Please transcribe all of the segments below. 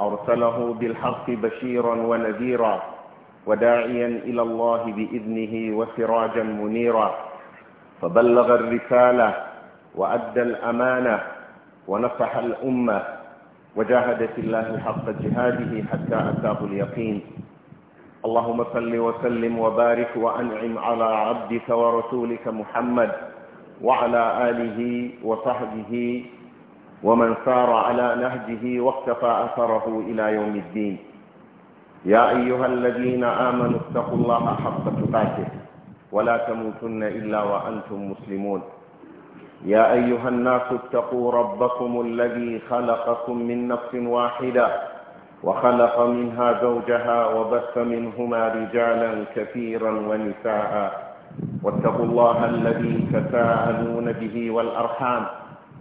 أرسله بالحق بشيرا ونذيرا وداعيا إلى الله بإذنه وسراجا منيرا فبلغ الرسالة وأدى الأمانة ونصح الأمة وجاهد في الله حق جهاده حتى أتاه اليقين اللهم صل وسلم وبارك وأنعم على عبدك ورسولك محمد وعلى آله وصحبه ومن سار على نهجه واقتفى أثره إلى يوم الدين يا أيها الذين آمنوا اتقوا الله حق تقاته ولا تموتن إلا وأنتم مسلمون يا أيها الناس اتقوا ربكم الذي خلقكم من نفس واحدة وخلق منها زوجها وبث منهما رجالا كثيرا ونساء واتقوا الله الذي تساءلون به والأرحام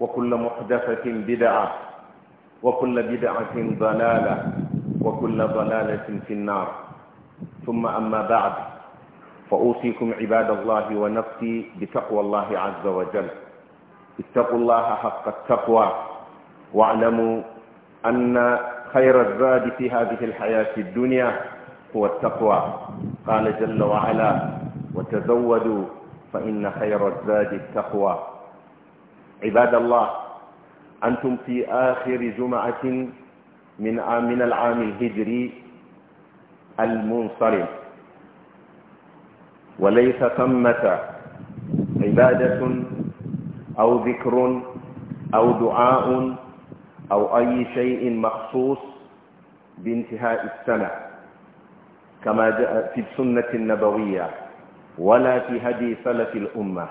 وكل محدثة بدعة وكل بدعة ضلالة وكل ضلالة في النار ثم أما بعد فأوصيكم عباد الله ونفسي بتقوى الله عز وجل اتقوا الله حق التقوى واعلموا أن خير الزاد في هذه الحياة الدنيا هو التقوى قال جل وعلا وتزودوا فإن خير الزاد التقوى عباد الله أنتم في آخر جمعة من من العام الهجري المنصرم وليس ثمة عبادة أو ذكر أو دعاء أو أي شيء مخصوص بانتهاء السنة كما جاء في السنة النبوية ولا في هدي سلف الأمة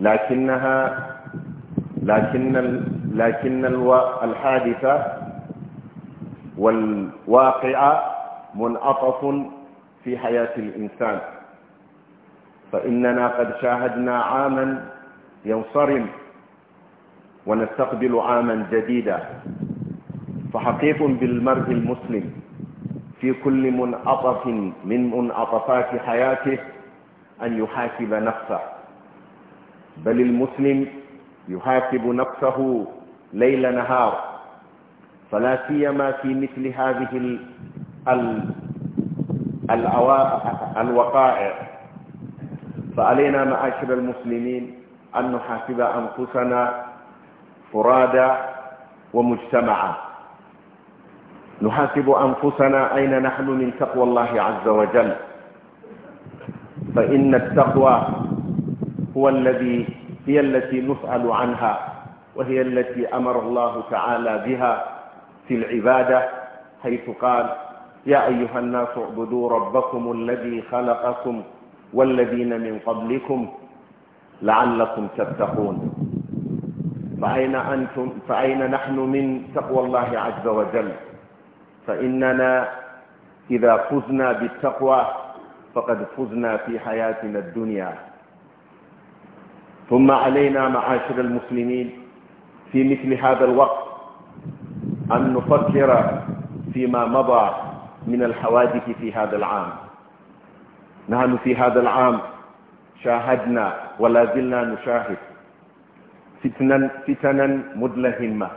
لكنها لكن ال... لكن الو... الحادثة والواقع منعطف في حياة الإنسان فإننا قد شاهدنا عاما ينصرم ونستقبل عاما جديدا فحقيق بالمرء المسلم في كل منعطف من منعطفات حياته أن يحاسب نفسه بل المسلم يحاسب نفسه ليل نهار فلا سيما في مثل هذه ال ال الوقائع فعلينا معاشر المسلمين أن نحاسب أنفسنا فرادى ومجتمعا نحاسب أنفسنا أين نحن من تقوى الله عز وجل فإن التقوى هو الذي هي التي نسأل عنها وهي التي أمر الله تعالى بها في العبادة حيث قال يا أيها الناس اعبدوا ربكم الذي خلقكم والذين من قبلكم لعلكم تتقون فأين أنتم فأين نحن من تقوى الله عز وجل فإننا إذا فزنا بالتقوى فقد فزنا في حياتنا الدنيا ثم علينا معاشر المسلمين في مثل هذا الوقت أن نفكر فيما مضى من الحوادث في هذا العام نحن في هذا العام شاهدنا ولا زلنا نشاهد فتنا, فتنا مدلهمة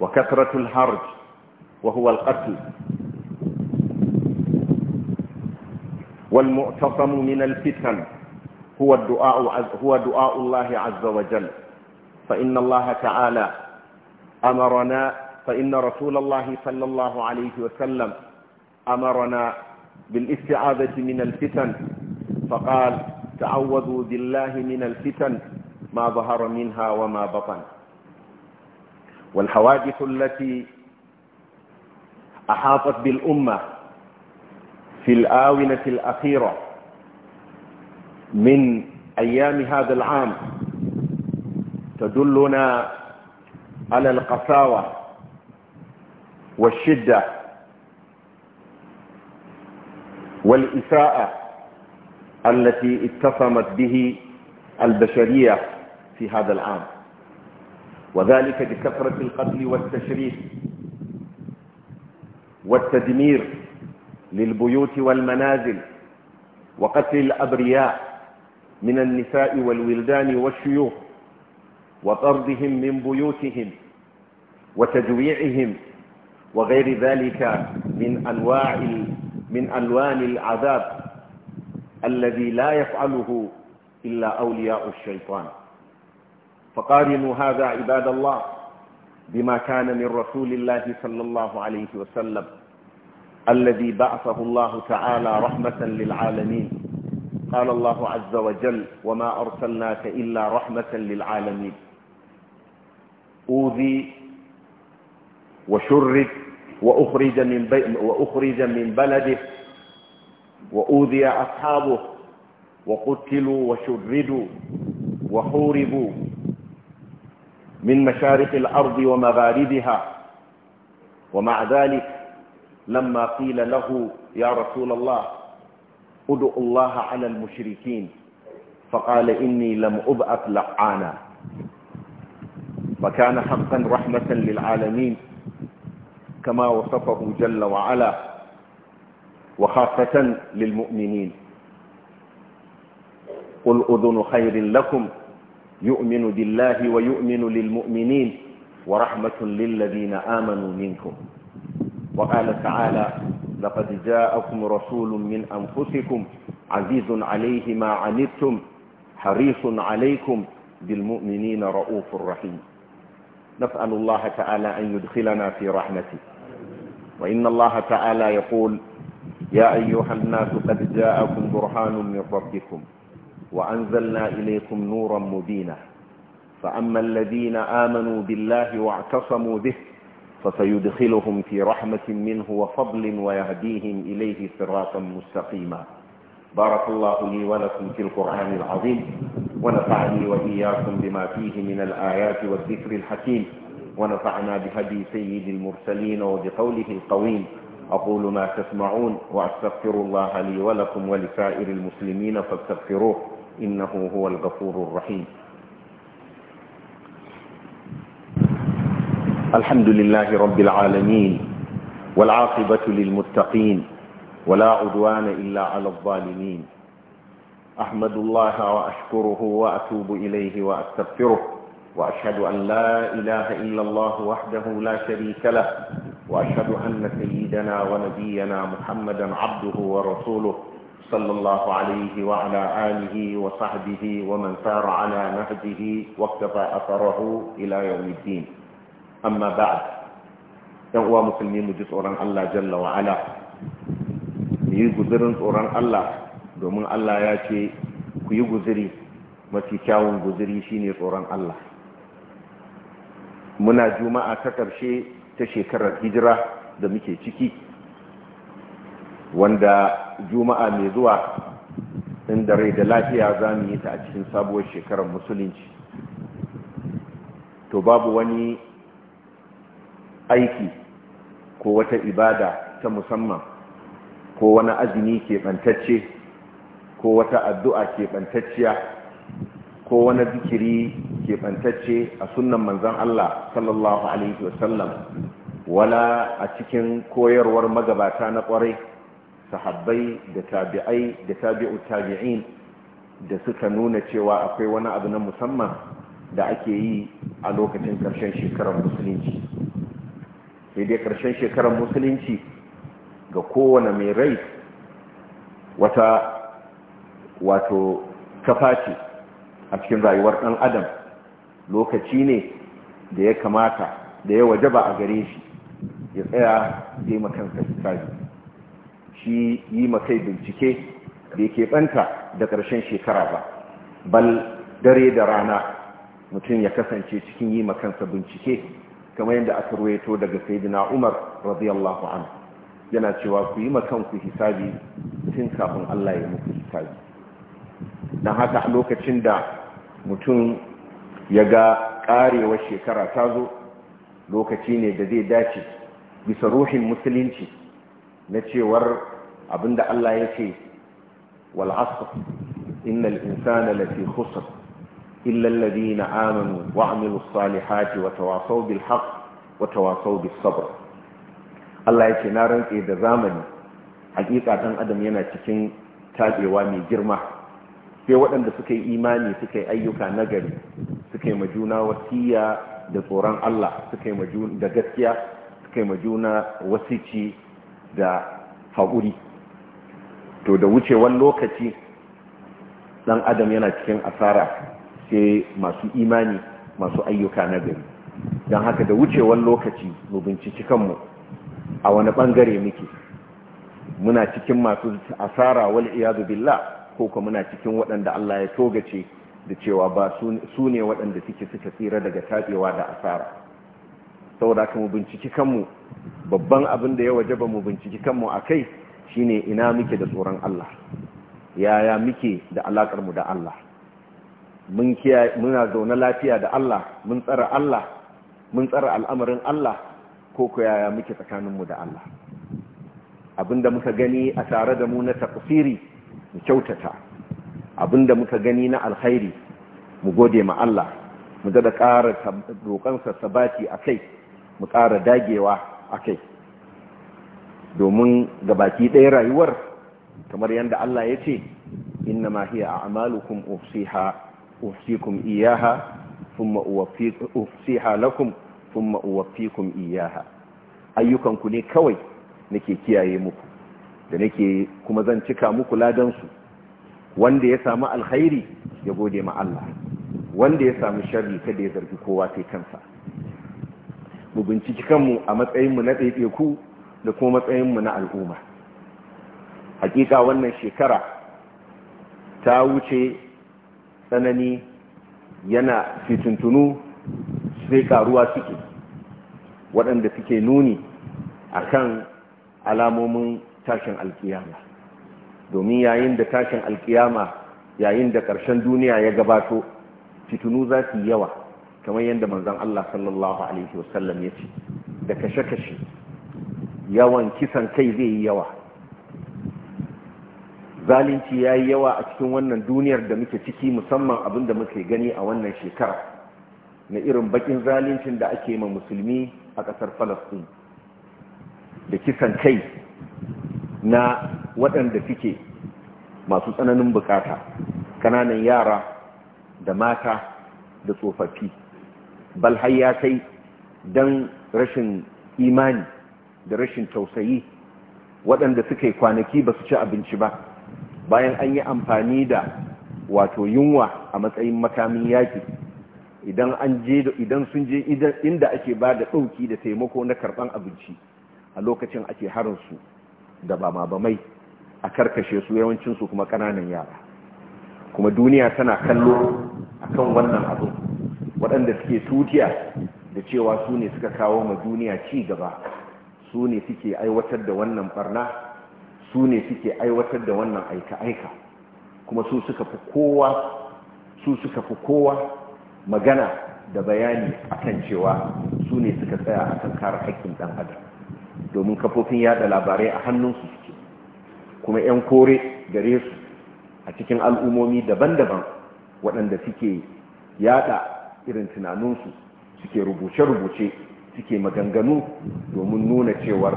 وكثرة الهرج وهو القتل والمعتصم من الفتن هو الدعاء هو دعاء الله عز وجل فإن الله تعالى أمرنا فإن رسول الله صلى الله عليه وسلم أمرنا بالاستعاذة من الفتن فقال تعوذوا بالله من الفتن ما ظهر منها وما بطن والحوادث التي أحاطت بالأمة في الآونة الأخيرة من أيام هذا العام تدلنا على القساوة والشدة والإساءة التي اتصمت به البشرية في هذا العام وذلك بكثرة القتل والتشريف والتدمير للبيوت والمنازل وقتل الأبرياء من النساء والولدان والشيوخ وطردهم من بيوتهم وتجويعهم وغير ذلك من أنواع من ألوان العذاب الذي لا يفعله إلا أولياء الشيطان فقارنوا هذا عباد الله بما كان من رسول الله صلى الله عليه وسلم الذي بعثه الله تعالى رحمة للعالمين قال الله عز وجل وما أرسلناك إلا رحمة للعالمين أوذي وشرد وأخرج من, بي وأخرج من بلده وأوذي أصحابه وقتلوا وشردوا وحوربوا من مشارق الأرض ومغاربها ومع ذلك لما قيل له يا رسول الله ادعوا الله على المشركين فقال إني لم أبعث لعانا فكان حقا رحمة للعالمين كما وصفه جل وعلا وخاصة للمؤمنين قل أذن خير لكم يؤمن بالله ويؤمن للمؤمنين ورحمة للذين آمنوا منكم وقال تعالى لقد جاءكم رسول من أنفسكم عزيز عليه ما عنتم حريص عليكم بالمؤمنين رؤوف رحيم نسأل الله تعالى أن يدخلنا في رحمته وإن الله تعالى يقول يا أيها الناس قد جاءكم برهان من ربكم وأنزلنا إليكم نورا مبينا فأما الذين آمنوا بالله واعتصموا به فسيدخلهم في رحمة منه وفضل ويهديهم إليه صراطا مستقيما بارك الله لي ولكم في القرآن العظيم ونفعني وإياكم بما فيه من الآيات والذكر الحكيم ونفعنا بهدي سيد المرسلين وبقوله القويم أقول ما تسمعون وأستغفر الله لي ولكم ولسائر المسلمين فاستغفروه إنه هو الغفور الرحيم الحمد لله رب العالمين والعاقبة للمتقين ولا عدوان إلا على الظالمين أحمد الله وأشكره وأتوب إليه وأستغفره وأشهد أن لا إله إلا الله وحده لا شريك له وأشهد أن سيدنا ونبينا محمدا عبده ورسوله صلى الله عليه وعلى آله وصحبه ومن سار على نهجه واقتفى أثره إلى يوم الدين amma ba'ad 'yan uwa musulmi mu ji tsoron Allah jalla wa ala mu yi guzirin tsoron Allah domin Allah ya ce ku yi guziri, mafi kyawun shi shine tsoron Allah muna juma'a ta ƙarshe ta shekarar hijira da muke ciki wanda juma'a mai zuwa in da rai da lafiya za mu yi ta a cikin sabuwar shekarar musulunci to babu wani aiki ko wata ibada ta musamman ko wani azumi keɓantacce ko wata addu'a keɓantacciya ko wani zikiri keɓantacce a sunan manzan Allah sallallahu Alaihi wasallam wala a cikin koyarwar magabata na ƙwarai sahabbai da tabi'ai da tabi'u tabi'in da suka nuna cewa akwai wani abu na musamman da ake yi a lokacin ƙarshen shekarar musulunci sai dai karshen shekarar musulunci ga kowane mai rai wata wato kafa ce a cikin rayuwar ɗan adam lokaci ne da ya kamata da ya waje ba a gare shi ya tsaya zai makansa hisabi shi yi makai bincike da ya ɓanta da ƙarshen shekara ba bal dare da rana mutum ya kasance cikin yi makansa bincike kamar yadda aka ruwaito daga sayyidina Umar radiyallahu anhu yana cewa ku yi makan ku hisabi tun kafin Allah ya muku hisabi dan haka a lokacin da mutum ya ga karewar shekara ta zo lokaci ne da zai dace bisa ruhin musulunci na cewar abinda Allah ya ce wal asr innal insana lafi khusr إلا الذين آمنوا وعملوا الصالحات وتواصوا بالحق وتواصوا بالصبر الله يكي نارن إذا زامن حقيقة أدم ينا تكين تاجيوا من جرمة sai waɗanda suka إيماني imani suka yi ayyuka مجونا وسيا da tsoron Allah suka yi majuna da gaskiya suka yi majuna wasici da haƙuri to da wucewan lokaci ɗan adam yana cikin asara sai masu imani masu ayyuka na gari don haka da wucewar lokaci mu binciki kanmu a wani bangare muke muna cikin masu asara wal iyadu billah ko kuma muna cikin waɗanda Allah ya togace da cewa ba su ne waɗanda suke suka tsira daga tabewa da asara saboda kuma binciki kanmu babban abin da ya wajaba mu binciki kanmu a kai shine ina muke da tsoron Allah yaya muke da alakar mu da Allah mun kiya muna zaune lafiya da Allah mun tsara Allah mun tsara al'amarin Allah ko ko yaya muke tsakaninmu da Allah abinda muka gani a tare da mu na tafsiri mu kyautata abinda muka gani na alkhairi mu gode ma Allah mu da ƙara sa sabati a kai mu ƙara dagewa a kai domin gabaki ɗaya rayuwar kamar yadda Allah ya ce inna ma hiya a'malukum ufsiha أحصيكم إياها ثم أوفيك أحصيها لكم ثم أوفيكم إياها أيكم كني كوي نكي كياي مكو da nake kuma zan cika muku ladansu wanda ya samu alkhairi ya gode ma Allah wanda ya samu sharri kada ya zargi kowa sai kansa mu binciki kanmu a matsayinmu na ɗaiɗaiku da kuma matsayinmu na al'umma hakika wannan shekara ta wuce tsanani yana fitintunu sai karuwa suke waɗanda suke nuni akan alamomin tashin alkiyama domin yayin da tashin alkiyama yayin da ƙarshen duniya ya gabato Fitunu za su yi yawa kamar yadda manzan Allah sallallahu Alaihi wasallam ya ce da kashe-kashe yawan kisan kai zai yi yawa zalunci ya yi yawa a cikin wannan duniyar da muke ciki musamman abin da muke gani a wannan shekara na irin bakin zaluncin da ake ma musulmi a ƙasar falastin da kisan kai na waɗanda suke masu tsananin bukata ƙananan yara da mata da tsofaffi balhaya ya kai don rashin imani da rashin tausayi waɗanda suka yi kwanaki ba su ci abinci ba bayan an yi amfani da wato yunwa a matsayin makamin yaƙi idan an je idan sun je inda ake ba da ɗauki da taimako na karɓan abinci a lokacin ake harinsu da ba ma bamai a karkashe su yawancinsu kuma ƙananan yara kuma duniya tana kallo a kan wannan abin waɗanda suke tutiya da cewa su ne suka kawo ma duniya ci gaba su ne suke aiwatar da wannan barna su ne suke aiwatar da wannan aika-aika kuma su suka fi kowa magana da bayani akan cewa su ne suka tsaya akan kara haƙƙin ɗan adam domin kafofin yada labarai a hannunsu suke kuma 'yan kore gare su a cikin al'ummomi daban-daban waɗanda suke yada irin tunaninsu suke rubuce-rubuce suke maganganu domin nuna cewar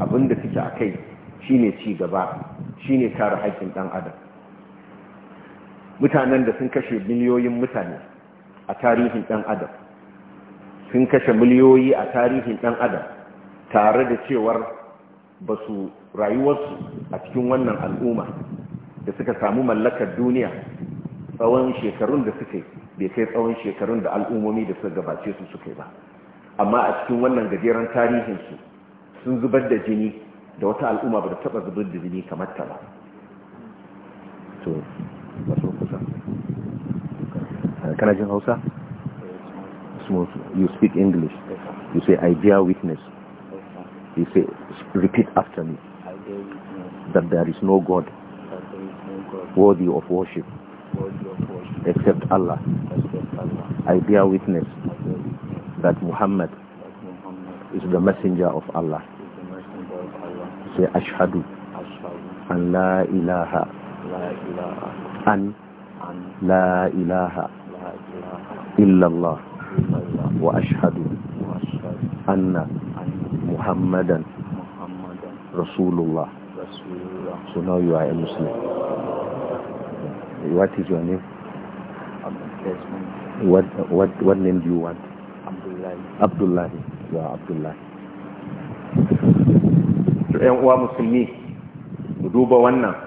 abin da suke a kai Shi ne ci gaba ne kare haƙƙin ɗan adam mutanen da sun kashe miliyoyin mutane a tarihin ɗan adam sun kashe miliyoyi a tarihin ɗan adam tare da cewar ba su rayuwarsu a cikin wannan al'umma da suka samu mallakar duniya tsawon shekarun da suka yi bai kai tsawon shekarun da al'ummomi da suka gabace su suka yi ba amma a cikin wannan gajeren tarihinsu sun zubar da jini da wata al'umma ba da taba zubar da jini kamar ta ba to ba so kusa kana jin hausa you speak english you say i bear witness you say repeat after me that there is no god worthy of worship except allah i bear witness that muhammad is the messenger of allah sai ashadu an la ilaha an la ilaha illallah wa ashadu anna muhammadan rasulullah so now you are a muslim what is your name what what what name do you want abdullahi abdullahi you are abdullahi yan uwa musulmi mu duba wannan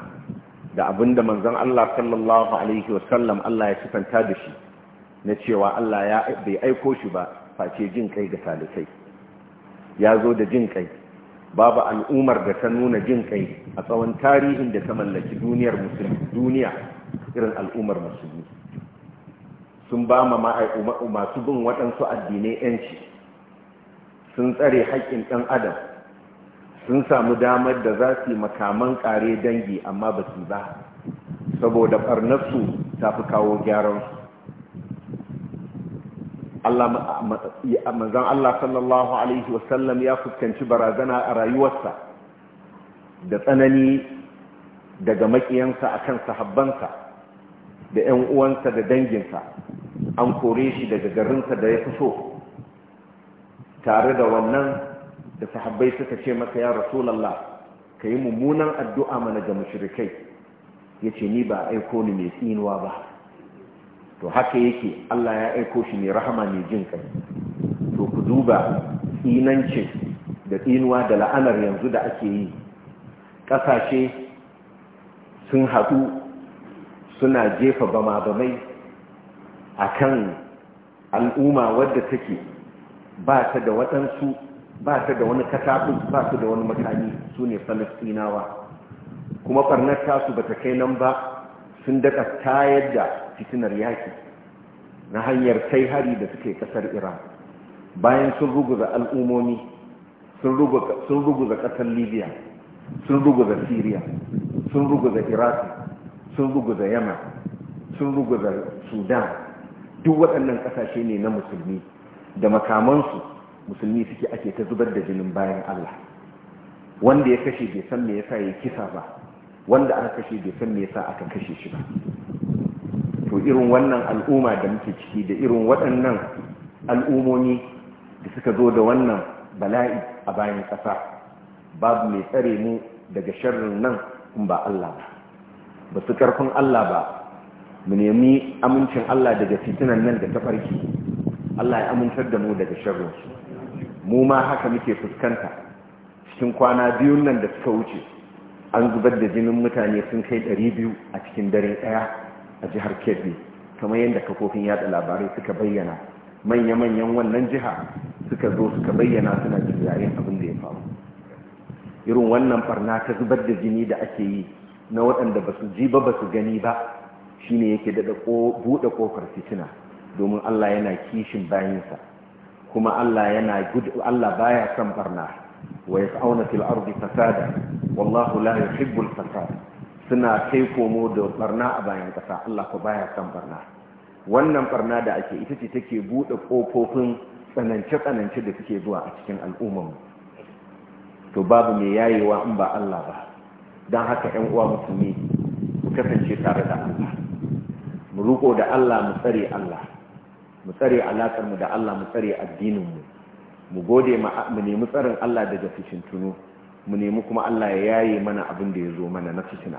da abinda manzon Allah sallallahu alaihi wasallam Allah ya sifanta da shi na cewa Allah ya bai aiko shi ba face jin kai ga salisai ya zo da jin kai babu al'umar da ta nuna jin kai a tsawon tarihin da ta mallaki duniyar musulmi duniya irin al'umar musulmi sun ba ma masu bin waɗansu addinai 'yanci sun tsare haƙƙin ɗan adam sun samu damar da za su yi makaman ƙare dangi amma ba su ba saboda barnarsu ta fi kawo gyaransu manzan Allah sallallahu Alaihi wasallam ya fuskanci barazana a rayuwarsa da tsanani daga makiyansa a kan sahabbansa da 'yan uwansa da danginsa an kore shi daga garinsa da ya fi so tare da wannan da sahabbai suka ce masa ya rasulallah ka yi mummunan addu'a mana ga mushrikai ya ni ba aiko ni mai tsinuwa ba to haka yake Allah ya aiko shi mai rahama mai jin kai to ku duba tsinancin da tsinuwa da la'anar yanzu da ake yi ƙasashe sun haɗu suna jefa bama-bamai a kan al'umma wadda take ba ta da waɗansu ba ta da wani katabin ba su da wani makami su ne falastinawa kuma ɓarnar tasu ba ta kai nan ba sun daɗa tayar da fitinar yaƙi na hanyar kai hari da suke ƙasar iran bayan sun ruguza al'umomi sun ruguza ƙasar libya sun ruguza syria sun ruguza iraq sun ruguza yama sun ruguza sudan duk waɗannan ƙasashe ne na musulmi da makamansu musulmi suke ake ta zubar da jinin bayan Allah wanda ya kashe bai san me yasa ya kisa ba wanda aka kashe bai san me yasa aka kashe shi ba to irin wannan al'umma da muke ciki da irin waɗannan al'umomi da suka zo da wannan bala'i a bayan ƙasa babu mai tsare mu daga sharrin nan in ba Allah ba ba su ƙarfin Allah ba mu nemi amincin Allah daga fitinan nan da ta farki Allah ya amintar da mu daga sharrinsu mu ma haka muke fuskanta cikin kwana biyun nan da suka wuce an zubar da jinin mutane sun kai biyu a cikin dare ɗaya a jihar kebbi kamar yadda kafofin yada labarai suka bayyana manya-manyan wannan jiha suka zo suka bayyana suna jirgin abin da ya faru irin wannan barna ta zubar da jini da ake yi na waɗanda ba su ji ba ba su gani ba shine yake daɗa buɗe ƙofar fitina domin allah yana kishin bayansa kuma Allah yana Allah baya son barna wa yas'auna fil ardi fasada wallahu la yuhibbul fasad suna kai komo da barna a bayan kasa Allah ko baya son barna wannan barna da ake ita ce take bude kofofin tsanance tsanance da suke zuwa a cikin al'ummar to babu mai yayewa in ba Allah ba dan haka ƴan uwa musulmi ku kasance tare da Allah mu ruko da Allah mu tsare Allah mu tsare alakar mu da Allah mu tsare addinin mu mu gode mu nemi tsarin Allah daga tunu, mu nemi kuma Allah ya yaye mana abin da ya zo mana na fitina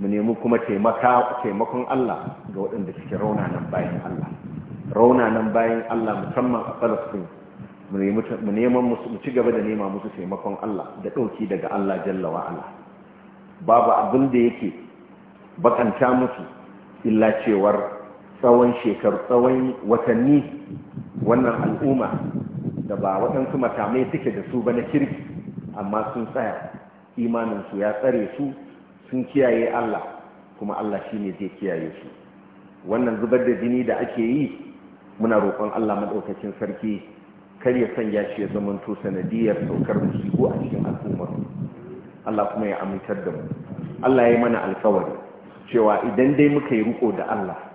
mu nemi kuma taimakon Allah ga waɗanda suke raunanan bayan Allah raunanan bayan Allah musamman a Falastin mu neman musu mu ci gaba da nema musu taimakon Allah da ɗauki daga Allah jalla wa Allah babu abin da yake bakanta musu illa cewar tsawon shekaru tsawon watanni wannan al'umma da ba waɗansu makamai suke da su ba na kirki amma sun tsaya imaninsu ya tsare su sun kiyaye Allah kuma Allah shi ne zai kiyaye su wannan zubar da jini da ake yi muna roƙon Allah maɗaukacin sarki kar ya sanya shi ya zamanto sanadiyar saukar musiko a cikin al'ummar Allah kuma ya amintar da mu Allah ya yi mana alkawari cewa idan dai muka yi riko da Allah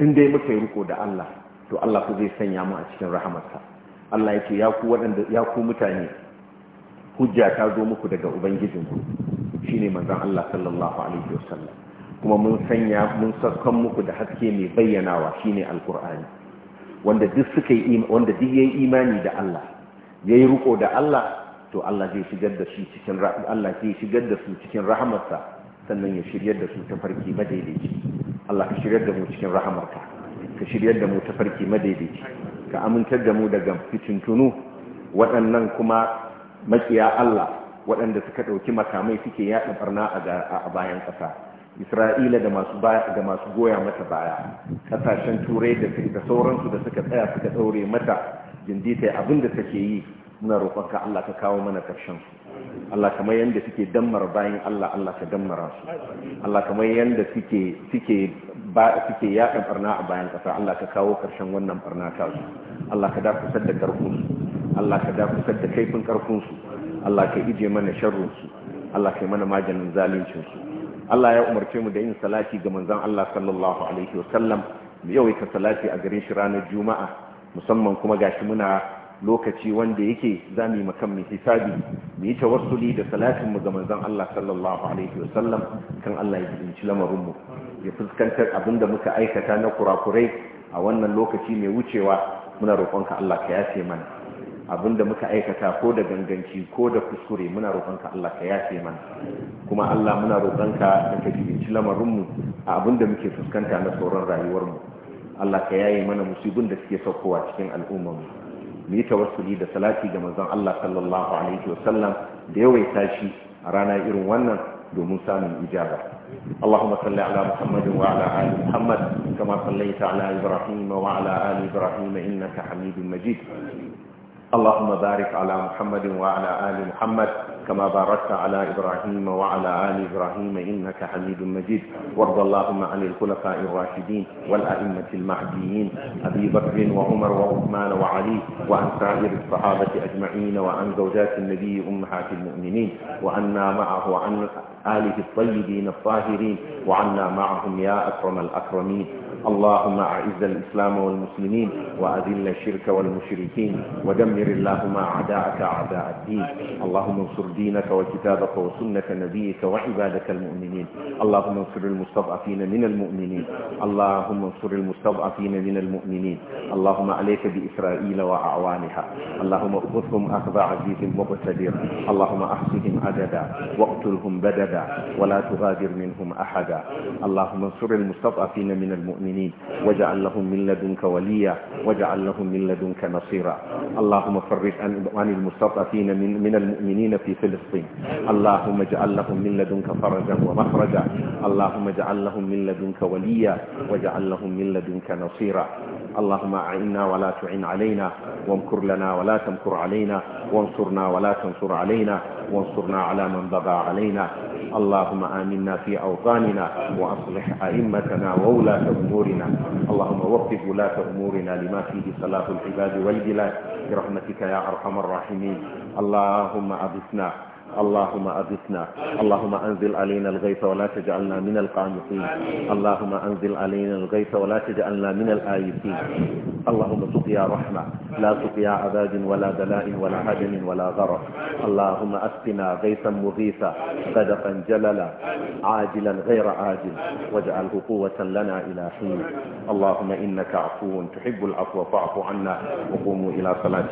in dai muka yi riko da Allah to Allah ku zai sanya mu a cikin rahamarsa Allah ya ce ya ku waɗanda ya ku mutane hujja ta zo muku daga ubangijin ubangijinku shine manzon Allah sallallahu alaihi wasallam kuma mun sanya mun sakkan muku da haske mai bayyanawa shine alqur'ani wanda duk suka yi wanda duk yayi imani da Allah yayi riko da Allah to Allah zai shigar da shi cikin Allah zai shigar da su cikin rahamarsa sannan ya shiryar da su ta farki madaidaici Allah ka shiryar da mu cikin rahamarka ka shiryar da mu ta farki madaidaici ka amintar da mu daga tunu waɗannan kuma makiya Allah waɗanda suka ɗauki makamai suke yaɗa barna a bayan ƙasa Isra'ila da masu goya mata baya ƙasashen turai da sauransu da suka tsaya suka ɗaure mata jindita abin da take yi muna roƙonka Allah ka kawo mana ƙarshen su Allah kamar yadda suke dammar bayan Allah Allah ka dammara su Allah kamar yadda suke suke ba suke yaɗa barna a bayan ƙasa Allah ka kawo ƙarshen wannan barna ta su Allah ka dafusar da karfin su Allah ka dafusar da kaifin karfin su Allah ka ije mana sharrin su Allah ka mana maganin zalincin su Allah ya umarce mu da yin salati ga manzon Allah sallallahu alaihi wa sallam yau ka salati a garin shi ranar juma'a musamman kuma gashi muna lokaci wanda yake za mu yi makan mai hisabi mu yi tawassuli da salatinmu mu ga manzon Allah sallallahu alaihi wa sallam kan Allah ya jinci lamarin mu ya fuskantar abin da muka aikata na kurakurai a wannan lokaci mai wucewa muna roƙonka Allah ka yafe mana da muka aikata ko da ganganci ko da kuskure muna roƙonka Allah ka yafe mana kuma Allah muna roƙonka da ka jinci lamarin mu a abin da muke fuskanta na tsoron rayuwar mu Allah ka yaye mana musibin da suke saukowa cikin al'ummar mu mu yi tawassuli da salati ga manzon Allah sallallahu alaihi wasallam da yawaita shi a rana irin wannan domin samun ijaba اللهم صل على محمد وعلى آل محمد كما صليت على إبراهيم وعلى آل إبراهيم إنك حميد مجيد اللهم بارك على محمد وعلى آل محمد كما باركت على إبراهيم وعلى آل إبراهيم إنك حميد مجيد وارض اللهم عن الخلفاء الراشدين والأئمة المهديين أبي بكر وعمر وعثمان وعلي وعن سائر الصحابة أجمعين وعن زوجات النبي أمهات المؤمنين وعنا معه وعن آله الطيبين الطاهرين وعنا معهم يا أكرم الأكرمين اللهم أعز الإسلام والمسلمين وأذل الشرك والمشركين ودمر اللهم أعداءك أعداء الدين اللهم انصر دينك وكتابك وسنة نبيك وعبادك المؤمنين اللهم انصر المستضعفين من المؤمنين اللهم انصر المستضعفين من المؤمنين اللهم عليك بإسرائيل وأعوانها اللهم أخذهم أخذ عزيز مقتدر اللهم أحصهم عددا واقتلهم بددا أبدا ولا تغادر منهم أحدا اللهم انصر المستضعفين من المؤمنين واجعل لهم من لدنك وليا واجعل لهم من لدنك نصيرا اللهم فرج عن المستضعفين من, من المؤمنين في فلسطين اللهم اجعل لهم من لدنك فرجا ومخرجا اللهم اجعل لهم من لدنك وليا واجعل لهم من لدنك نصيرا اللهم أعنا ولا تعن علينا وامكر لنا ولا تمكر علينا وانصرنا ولا تنصر علينا وانصرنا على من بغى علينا اللهم آمنا في أوطاننا وأصلح أئمتنا وولاة أمورنا اللهم وفق ولاة أمورنا لما فيه صلاح العباد والبلاد برحمتك يا أرحم الراحمين اللهم أغثنا اللهم أغثنا اللهم أنزل علينا الغيث ولا تجعلنا من القانطين اللهم أنزل علينا الغيث ولا تجعلنا من الآيسين اللهم سقيا رحمة لا سقيا عذاب ولا بلاء ولا هدم ولا غرق اللهم أسقنا غيثا مغيثا غدقا جللا عاجلا غير عاجل واجعله قوة لنا إلى حين اللهم إنك عفو تحب العفو فاعف عنا وقوموا إلى صلاة